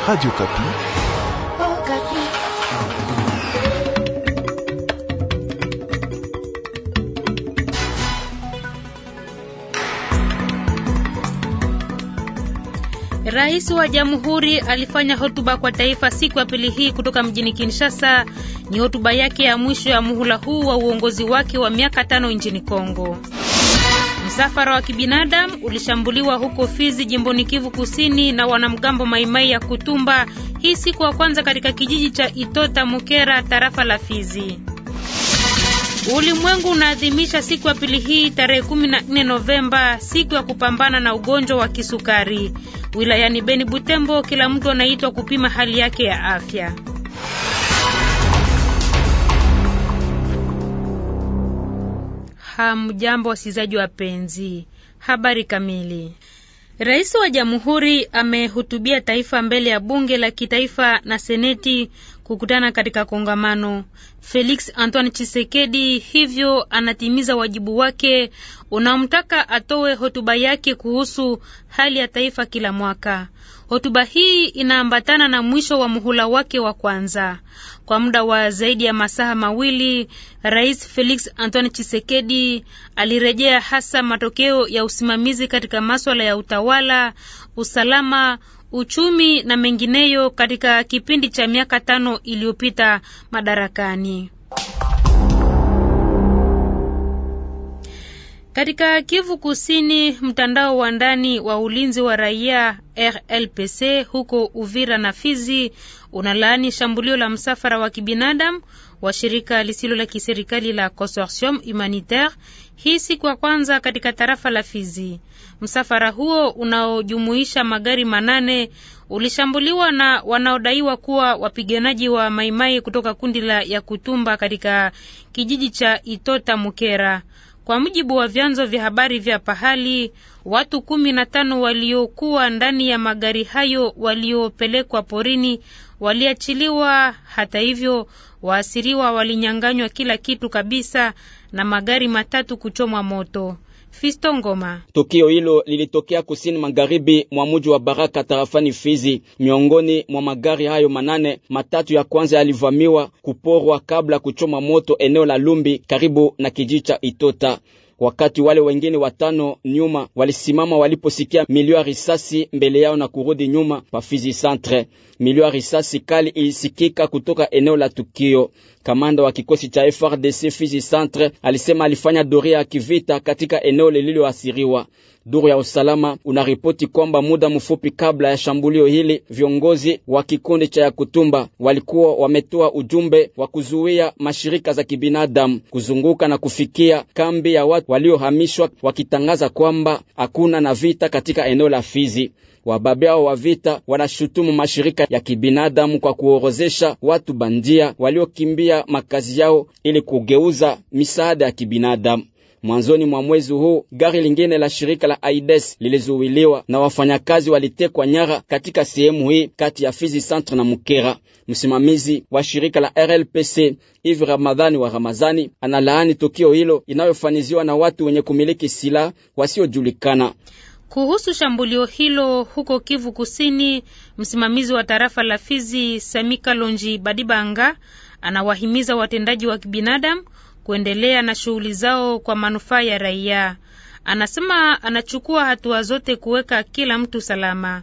Radio Kapi. Oh, Kapi. Rais wa Jamhuri alifanya hotuba kwa taifa siku ya pili hii kutoka mjini Kinshasa. Ni hotuba yake ya mwisho ya muhula huu wa uongozi wake wa miaka tano nchini Kongo. Msafara wa kibinadamu ulishambuliwa huko Fizi jimboni Kivu Kusini na wanamgambo Maimai ya Kutumba hii siku ya kwanza katika kijiji cha Itota Mukera tarafa la Fizi. Ulimwengu unaadhimisha siku ya pili hii tarehe 14 Novemba, siku ya kupambana na ugonjwa wa kisukari. Wilayani Beni Butembo, kila mtu anaitwa kupima hali yake ya afya. Hamjambo wasikilizaji wapenzi, habari kamili. Rais wa Jamhuri amehutubia taifa mbele ya bunge la kitaifa na seneti kukutana katika kongamano. Felix Antoine Chisekedi hivyo anatimiza wajibu wake unamtaka atoe hotuba yake kuhusu hali ya taifa kila mwaka. Hotuba hii inaambatana na mwisho wa muhula wake wa kwanza. Kwa muda wa zaidi ya masaha mawili, Rais Felix Antoine Chisekedi alirejea hasa matokeo ya usimamizi katika maswala ya utawala, usalama uchumi na mengineyo katika kipindi cha miaka tano iliyopita madarakani. Katika Kivu Kusini, mtandao wa ndani wa ulinzi wa raia RLPC huko Uvira na Fizi unalaani shambulio la msafara wa kibinadamu wa shirika lisilo la kiserikali la Consortium Humanitaire hii siku ya kwanza katika tarafa la Fizi. Msafara huo unaojumuisha magari manane ulishambuliwa na wanaodaiwa kuwa wapiganaji wa Maimai kutoka kundi la Yakutumba katika kijiji cha Itota Mukera. Kwa mujibu wa vyanzo vya habari vya pahali, watu kumi na tano waliokuwa ndani ya magari hayo waliopelekwa porini waliachiliwa. Hata hivyo, waasiriwa walinyang'anywa kila kitu kabisa na magari matatu kuchomwa moto. Fisto Ngoma. Tukio hilo lilitokea kusini magharibi mwa mji wa Baraka tarafani Fizi. Miongoni mwa magari hayo manane, matatu ya kwanza yalivamiwa kuporwa kabla kuchoma moto eneo la Lumbi karibu na kijiji cha Itota wakati wale wengine watano nyuma walisimama waliposikia milio ya risasi mbele yao na kurudi nyuma pa Fizi Centre. Milio ya risasi kali ilisikika kutoka eneo la tukio. Kamanda wa kikosi cha FRDC Fizi Centre alisema alifanya doria ya kivita katika eneo lililoasiriwa. Duru ya usalama unaripoti kwamba muda mfupi kabla ya shambulio hili, viongozi wa kikundi cha Yakutumba walikuwa wametoa ujumbe wa kuzuia mashirika za kibinadamu kuzunguka na kufikia kambi ya watu waliohamishwa, wakitangaza kwamba hakuna na vita katika eneo la Fizi. Wababea wa vita wanashutumu mashirika ya kibinadamu kwa kuorozesha watu bandia waliokimbia makazi yao ili kugeuza misaada ya kibinadamu. Mwanzoni mwa mwezi huu gari lingine la shirika la aides lilizuwiliwa na wafanyakazi walitekwa nyara katika sehemu hii kati ya Fizi Centre na Mukera. Msimamizi wa shirika la RLPC Ive Ramadhani wa Ramazani analaani tukio hilo inayofaniziwa na watu wenye kumiliki silaha wasiojulikana. Kuhusu shambulio hilo huko Kivu Kusini, msimamizi wa tarafa la Fizi Samika Lonji Badibanga anawahimiza watendaji wa kibinadamu kuendelea na shughuli zao kwa manufaa ya raia. Anasema anachukua hatua zote kuweka kila mtu salama.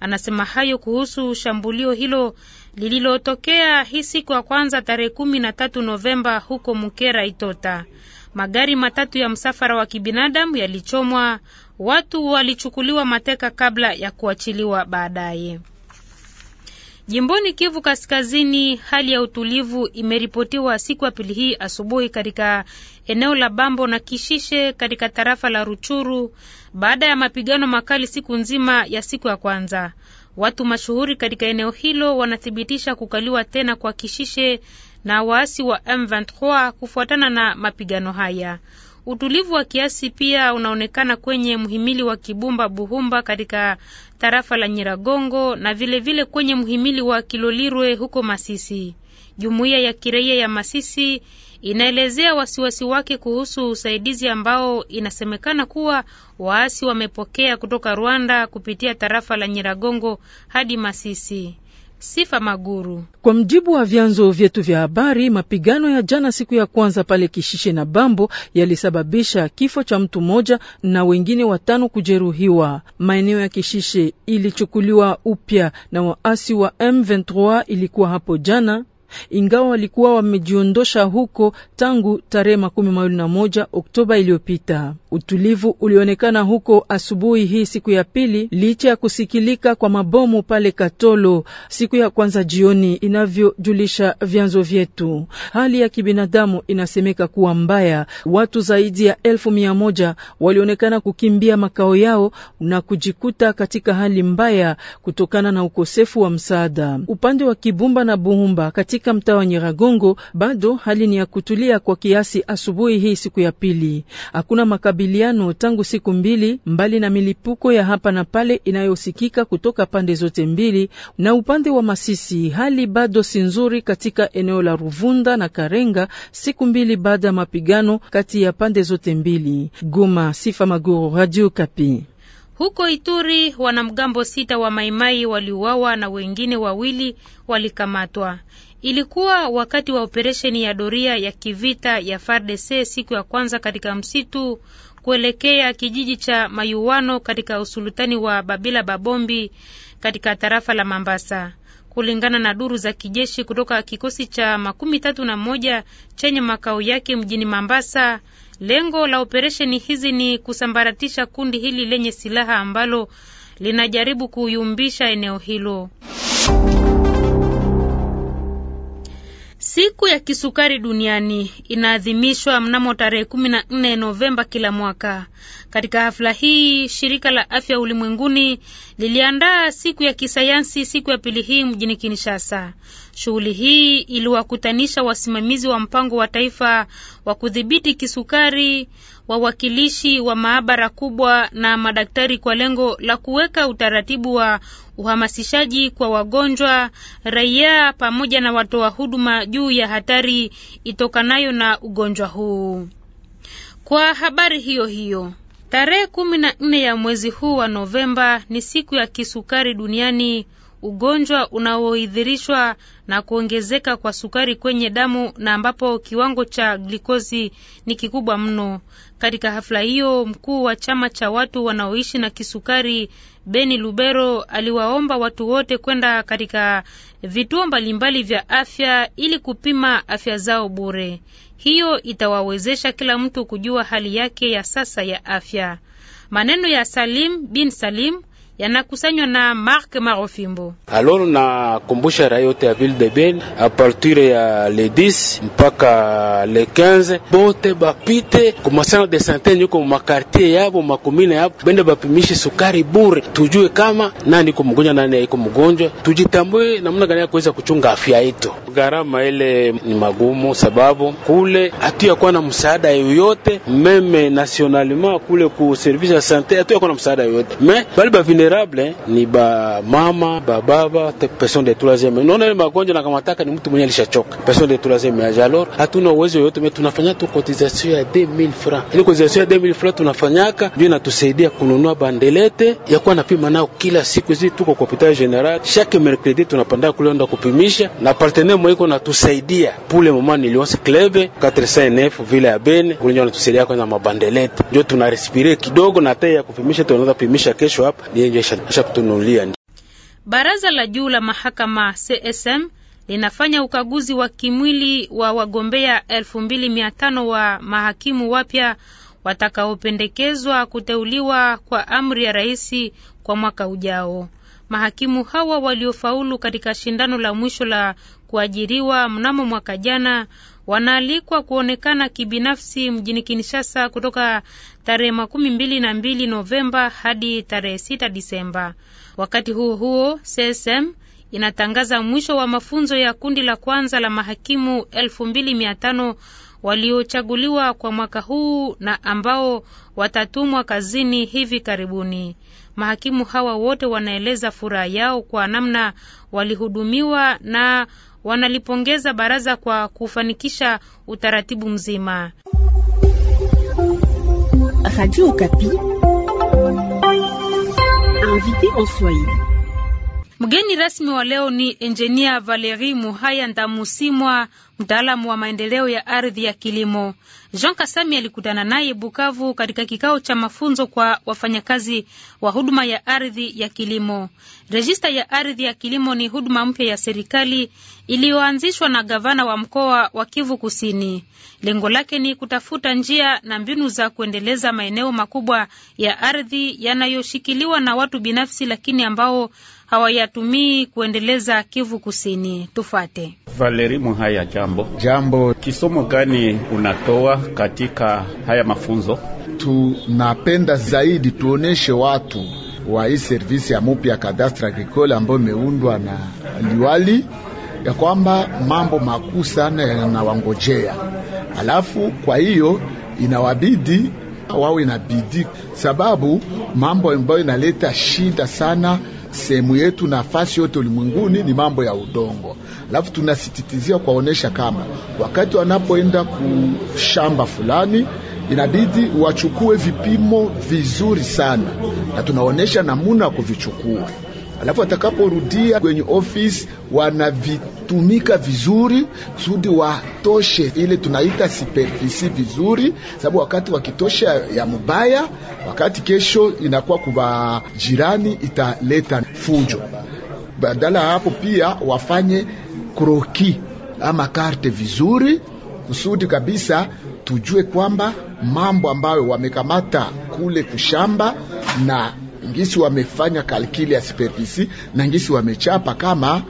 Anasema hayo kuhusu shambulio hilo lililotokea hii siku ya kwanza tarehe kumi na tatu Novemba huko Mukera Itota. Magari matatu ya msafara wa kibinadamu yalichomwa. Watu walichukuliwa mateka kabla ya kuachiliwa baadaye. Jimboni Kivu Kaskazini, hali ya utulivu imeripotiwa siku ya pili hii asubuhi katika eneo la Bambo na Kishishe katika tarafa la Ruchuru baada ya mapigano makali siku nzima ya siku ya kwanza. Watu mashuhuri katika eneo hilo wanathibitisha kukaliwa tena kwa Kishishe na waasi wa M23 kufuatana na mapigano haya. Utulivu wa kiasi pia unaonekana kwenye mhimili wa Kibumba Buhumba katika tarafa la Nyiragongo na vilevile vile kwenye mhimili wa Kilolirwe huko Masisi. Jumuiya ya kiraia ya Masisi inaelezea wasiwasi wake kuhusu usaidizi ambao inasemekana kuwa waasi wamepokea kutoka Rwanda kupitia tarafa la Nyiragongo hadi Masisi. Sifa Maguru. Kwa mjibu wa vyanzo vyetu vya habari, mapigano ya jana siku ya kwanza pale Kishishe na Bambo yalisababisha kifo cha mtu mmoja na wengine watano kujeruhiwa. Maeneo ya Kishishe ilichukuliwa upya na waasi wa M23 ilikuwa hapo jana ingawa walikuwa wamejiondosha huko tangu tarehe makumi mawili na moja Oktoba iliyopita. Utulivu ulionekana huko asubuhi hii siku ya pili, licha ya kusikilika kwa mabomu pale Katolo siku ya kwanza jioni, inavyojulisha vyanzo vyetu. Hali ya kibinadamu inasemeka kuwa mbaya. Watu zaidi ya elfu mia moja walionekana kukimbia makao yao na kujikuta katika hali mbaya kutokana na ukosefu wa msaada upande wa Kibumba na Buhumba katika katika mtaa wa Nyiragongo bado hali ni ya kutulia kwa kiasi asubuhi hii siku ya pili. Hakuna makabiliano tangu siku mbili, mbali na milipuko ya hapa na pale inayosikika kutoka pande zote mbili. Na upande wa Masisi hali bado si nzuri katika eneo la Ruvunda na Karenga, siku mbili baada ya mapigano kati ya pande zote mbili. Goma, Sifa Maguru, Radio Kapi. Huko Ituri wanamgambo sita wa Maimai waliuawa na wengine wawili walikamatwa. Ilikuwa wakati wa operesheni ya doria ya kivita ya FARDC siku ya kwanza katika msitu kuelekea kijiji cha Mayuwano katika usultani wa Babila Babombi katika tarafa la Mambasa. Kulingana na duru za kijeshi kutoka kikosi cha makumi tatu na moja chenye makao yake mjini Mambasa, Lengo la operesheni hizi ni kusambaratisha kundi hili lenye silaha ambalo linajaribu kuyumbisha eneo hilo. Siku ya kisukari duniani inaadhimishwa mnamo tarehe 14 Novemba kila mwaka. Katika hafla hii, shirika la afya ulimwenguni liliandaa siku ya kisayansi siku ya pili hii mjini Kinshasa. Shughuli hii iliwakutanisha wasimamizi wa mpango wa taifa wa kudhibiti kisukari, wawakilishi wa maabara kubwa na madaktari kwa lengo la kuweka utaratibu wa uhamasishaji kwa wagonjwa, raia pamoja na watoa huduma juu ya hatari itokanayo na ugonjwa huu. Kwa habari hiyo hiyo, tarehe kumi na nne ya mwezi huu wa Novemba ni siku ya kisukari duniani ugonjwa unaoidhirishwa na kuongezeka kwa sukari kwenye damu na ambapo kiwango cha glikozi ni kikubwa mno. Katika hafla hiyo, mkuu wa chama cha watu wanaoishi na kisukari Beni Lubero aliwaomba watu wote kwenda katika vituo mbalimbali vya afya ili kupima afya zao bure. Hiyo itawawezesha kila mtu kujua hali yake ya sasa ya afya. Maneno ya Salim bin Salim yanakusanywa na Mark Marofimbo. Alors na raia yote ya ville de Beni a partir ya le 10 mpaka le 15 bote bapite kumasana de sante niko makartie yabo makomine yabo bende bapimishe sukari bure, tujue kama nani iko mgonjwa nani iko mgonjwa, tujitambue namna gani ya kuweza kuchunga afya yetu. Gharama ile ni magumu, sababu kule hatuyakuwa na msaada yoyote meme nationalement kule ku service ya sante hatuyakuwa na msaada yoyote me bali bavine vulnerable ni ba mama, ba baba, person de troisieme. Naona ile magonjwa na kama taka ni mtu mwenye alishachoka. Person de troisième age. Alors hatuna uwezo yote, mais tunafanya tu cotisation ya 2000 francs. Ile cotisation ya 2000 francs tunafanyaka ndio inatusaidia kununua bandelete ya kuwa napima nao kila siku hizi, tuko kwa hospital general chaque mercredi tunapanda kule ndo kupimisha, na partenaire mwiko iko natusaidia pule mama ni nilionse cleve 409 vile ya Beni kule ndio natusaidia kwa na mabandelete, ndio tunarespire kidogo na tayari ya kupimisha, tunaanza kupimisha kesho hapa ni hiyo ashakutunulia. Baraza la juu la mahakama CSM linafanya ukaguzi wa kimwili wa wagombea elfu mbili mia tano wa mahakimu wapya watakaopendekezwa kuteuliwa kwa amri ya rais kwa mwaka ujao. Mahakimu hawa waliofaulu katika shindano la mwisho la kuajiriwa mnamo mwaka jana wanaalikwa kuonekana kibinafsi mjini Kinshasa kutoka tarehe makumi mbili na mbili Novemba hadi tarehe sita Disemba. Wakati huo huo, CSM inatangaza mwisho wa mafunzo ya kundi la kwanza la mahakimu elfu mbili mia tano waliochaguliwa kwa mwaka huu na ambao watatumwa kazini hivi karibuni. Mahakimu hawa wote wanaeleza furaha yao kwa namna walihudumiwa na wanalipongeza baraza kwa kufanikisha utaratibu mzima. Radio Okapi, invité en Swahili. Mgeni rasmi wa leo ni Enjinia Valeri Muhaya Ndamusimwa, mtaalamu wa maendeleo ya ardhi ya kilimo. Jean Kasami alikutana naye Bukavu katika kikao cha mafunzo kwa wafanyakazi wa huduma ya ardhi ya kilimo. Rejista ya ardhi ya kilimo ni huduma mpya ya serikali iliyoanzishwa na gavana wa mkoa wa Kivu Kusini. Lengo lake ni kutafuta njia na mbinu za kuendeleza maeneo makubwa ya ardhi yanayoshikiliwa na watu binafsi, lakini ambao hawayatumii kuendeleza Kivu Kusini. Tufate Valeri Muhaya. Jambo, jambo. Kisomo gani unatoa katika haya mafunzo? Tunapenda zaidi tuoneshe watu wa hii servisi ya mupya ya kadastra agricole ambayo imeundwa na liwali ya kwamba mambo makuu sana yanawangojea, alafu kwa hiyo inawabidi wawe na bidii, sababu mambo ambayo inaleta shida sana sehemu yetu nafasi yote ulimwenguni ni mambo ya udongo, alafu tunasititizia kuwaonesha kama wakati wanapoenda kushamba fulani inabidi wachukue vipimo vizuri sana, na tunaonyesha namuna ya kuvichukua alafu atakaporudia kwenye ofisi wanavitumika vizuri kusudi watoshe ile tunaita superfisi vizuri, sababu wakati wakitosha ya mubaya, wakati kesho inakuwa kuva jirani italeta fujo. Badala hapo pia wafanye kroki ama karte vizuri kusudi kabisa tujue kwamba mambo ambayo wamekamata kule kushamba na ngisi wamefanya kalkili ya superfici na ngisi wamechapa kama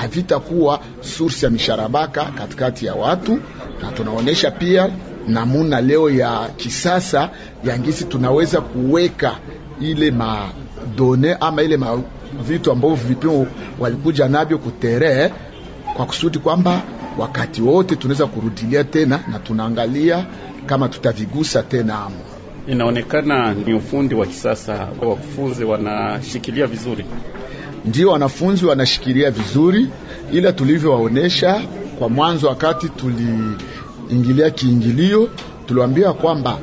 havitakuwa source ya misharabaka katikati ya watu, na tunaonesha pia namuna leo ya kisasa ya ngisi tunaweza kuweka ile madone ama ile mavitu ambavyo vipimo walikuja navyo kutere, kwa kusudi kwamba wakati wote tunaweza kurudilia tena, na tunaangalia kama tutavigusa tena amo Inaonekana ni ufundi wa kisasa, wakufunzi wanashikilia vizuri, ndio wanafunzi wanashikilia vizuri, ila tulivyowaonesha kwa mwanzo, wakati tuliingilia kiingilio, tuliwaambia kwamba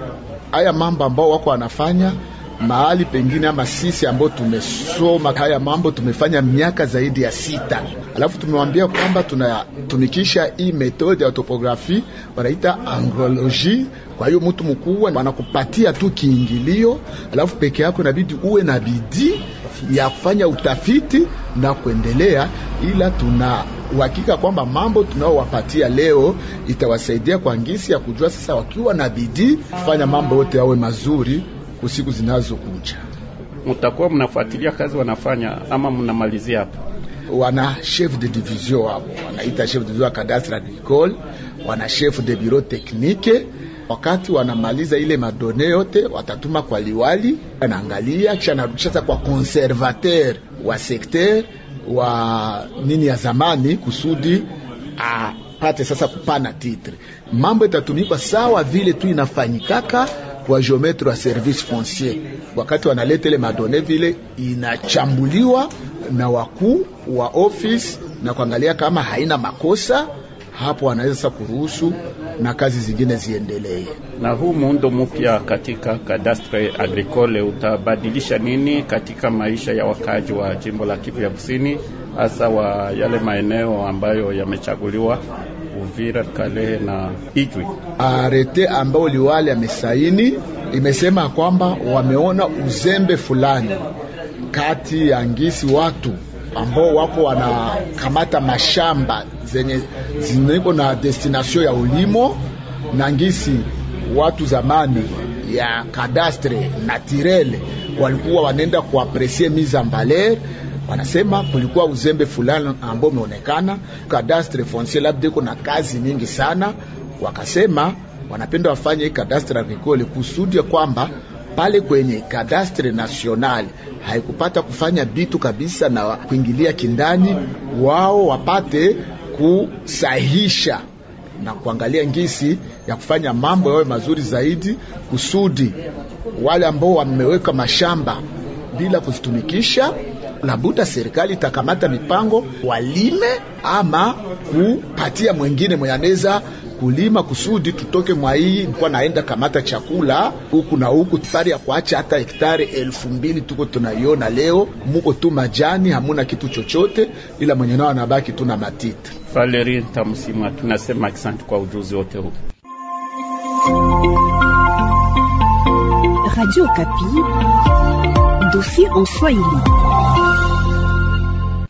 haya mambo ambao wako wanafanya mahali pengine ama sisi ambao tumesoma haya mambo tumefanya miaka zaidi ya sita, alafu tumewambia kwamba tunatumikisha hii metode ya topografi wanaita angroloji. Kwa hiyo mtu mkubwa anakupatia tu kiingilio, alafu peke yako inabidi uwe na bidii ya kufanya utafiti na kuendelea, ila tuna uhakika kwamba mambo tunaowapatia leo itawasaidia kwa ngisi ya kujua sasa, wakiwa na bidii kufanya mambo yote yawe mazuri kusiku zinazokuja. Mutakuwa mnafuatilia kazi wanafanya ama mnamalizia hapo? Wana chef de division hapo, wanaita chef de division cadastre agricole, wana chef de bureau technique. Wakati wanamaliza ile madone yote, watatuma kwa liwali, anaangalia kisha anarudisha kwa conservateur wa secteur wa nini ya zamani kusudi apate sasa kupana titre. Mambo itatumikwa sawa vile tu inafanyikaka wa geometre wa service foncier, wakati wanaleta ile madone vile inachambuliwa na wakuu wa office na kuangalia kama haina makosa hapo wanaweza sasa kuruhusu na kazi zingine ziendelee. Na huu muundo mpya katika kadastre agricole utabadilisha nini katika maisha ya wakaaji wa jimbo la Kivu ya Kusini, hasa wa yale maeneo ambayo yamechaguliwa Uvira, Kalehe na ijwi Arete ambao liwali amesaini imesema kwamba wameona uzembe fulani kati ya ngisi watu ambao wako wanakamata mashamba zenye ziniko na destination ya ulimo na ngisi watu zamani ya kadastre na tirele walikuwa wanaenda kuapresie mise en valeur wanasema kulikuwa uzembe fulani ambao umeonekana kadastre foncier, labda iko na kazi nyingi sana. Wakasema wanapenda wafanye kadastre agricole kusudi kwamba pale kwenye kadastre nasionali haikupata kufanya bitu kabisa na kuingilia kindani, wao wapate kusahisha na kuangalia ngisi ya kufanya mambo yawe mazuri zaidi, kusudi wale ambao wameweka mashamba bila kuzitumikisha, labuta serikali itakamata mipango walime ama kupatia mwengine mwenyaneza kulima kusudi tutoke mwa hii kwa naenda kamata chakula huku na huku, tari ya kuacha hata hektari elfu mbili tuko tunaiona leo, muko tu majani, hamuna kitu chochote, ila mwenye nao anabaki tu na matiti. Valerie Tamsima, tunasema asante kwa ujuzi wote huu. Radio Okapi, dossier en Swahili.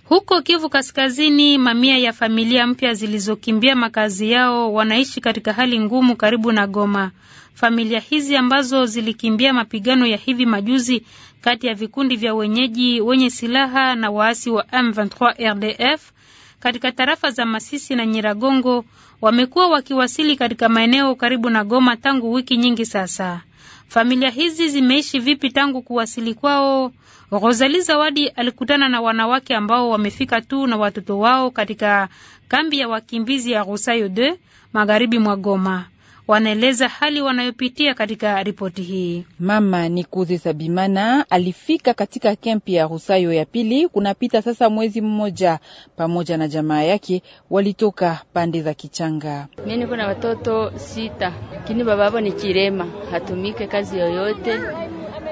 Huko Kivu Kaskazini, mamia ya familia mpya zilizokimbia makazi yao wanaishi katika hali ngumu karibu na Goma. Familia hizi ambazo zilikimbia mapigano ya hivi majuzi kati ya vikundi vya wenyeji wenye silaha na waasi wa M23 RDF katika tarafa za Masisi na Nyiragongo wamekuwa wakiwasili katika maeneo karibu na Goma tangu wiki nyingi sasa. Familia hizi zimeishi vipi tangu kuwasili kwao? rosali Zawadi alikutana na wanawake ambao wamefika tu na watoto wao katika kambi ya wakimbizi ya Rosayo de magharibi mwa Goma wanaeleza hali wanayopitia katika ripoti hii. Mama Nikuze Sabimana alifika katika kempi ya Rusayo ya pili kunapita sasa mwezi mmoja. Pamoja na jamaa yake walitoka pande za Kichanga. Mimi niko na watoto sita, lakini baba ni kirema, hatumike kazi yoyote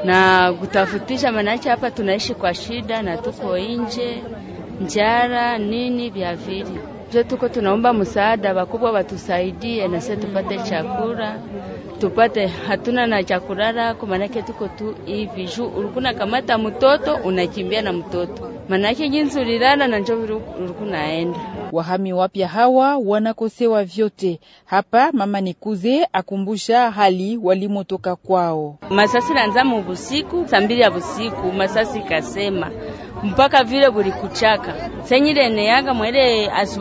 na kutafutisha, manache. hapa tunaishi kwa shida na tuko nje njara nini vyavili Je, tuko tunaomba msaada, wakubwa watusaidie na sisi tupate chakula tupate, hatuna na chakulala, kwa maanake tuko tu hivi juu ulikuna kamata mtoto unakimbia na mtoto manake jinsi ulilala na njo ulikunaenda. Wahami wapya hawa wanakosewa vyote hapa. Mama Nikuze akumbusha hali walimotoka kwao. Masasi lanza mu busiku saa mbili ya busiku, masasi kasema mpaka vile buli kuchaka senyile neyaga mwele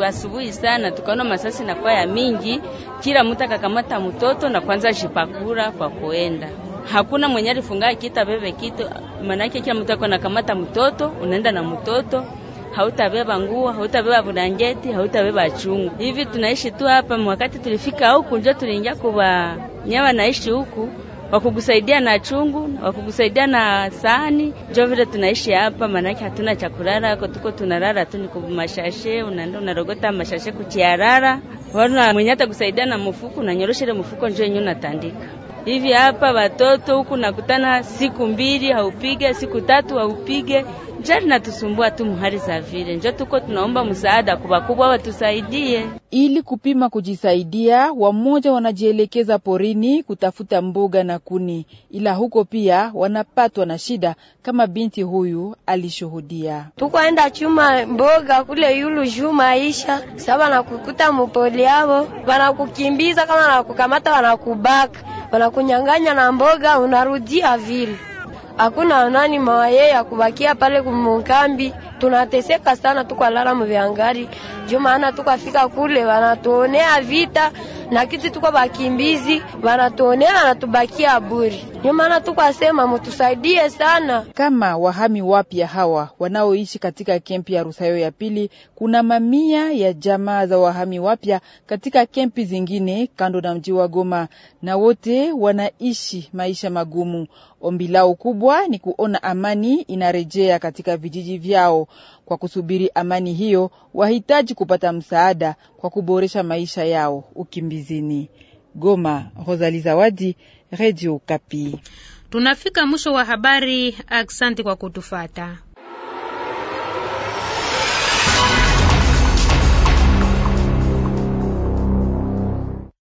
asubuhi sana, tukaona masasi na kwaya mingi, kila mtu akakamata mtoto na kwanza shipakura kwa kuenda hakuna mwenye alifunga kita bebe kitu, manake kila mtu ako nakamata mtoto, unaenda na mtoto, hautabeba nguo, hautabeba bulangeti, hautabeba chungu. Hivi tunaishi tu hapa. Wakati tulifika huku njo tuliingia kuwa nyewa naishi huku wakugusaidia na chungu, wakugusaidia na sahani. njo vile tunaishi hapa, maanake hatuna cha kulala, tuko tunalala tu ni mashashe, unaenda unarogota mashashe kuchiarara, wana mwenye hata kusaidia na mfuko, unanyorosha ile mfuko njo yenyewe unatandika hivi hapa. Watoto huku nakutana siku mbili haupige, siku tatu haupige njo natusumbua tu muhali za vile, njo tuko tunaomba msaada kubakubwa watusaidie ili kupima kujisaidia. Wamoja wanajielekeza porini kutafuta mboga na kuni, ila huko pia wanapatwa na shida, kama binti huyu alishuhudia. tukwaenda chuma mboga kule yulu juu maisha sasa, wanakukuta mupoli yavo, wanakukimbiza kama wanakukamata, wanakubaka, wanakunyang'anya na mboga, unarudia vile hakuna nani mawaye ya kubakia pale kumukambi, tunateseka sana, tukalala muviangari juu maana tukafika kule wanatuonea vita na kiti, tuko bakimbizi wanatuonea natubakia buri. Ndio maana tukasema mutusaidie sana. Kama wahami wapya hawa wanaoishi katika kempi ya Rusayo ya pili, kuna mamia ya jamaa za wahami wapya katika kempi zingine kando na mji wa Goma, na wote wanaishi maisha magumu. Ombi lao kubwa ni kuona amani inarejea katika vijiji vyao. Kwa kusubiri amani hiyo, wahitaji kupata msaada kwa kuboresha maisha yao ukimbizini. Goma, Rosali Zawadi, redio Kapi. Tunafika mwisho wa habari. aksanti kwa kutufata.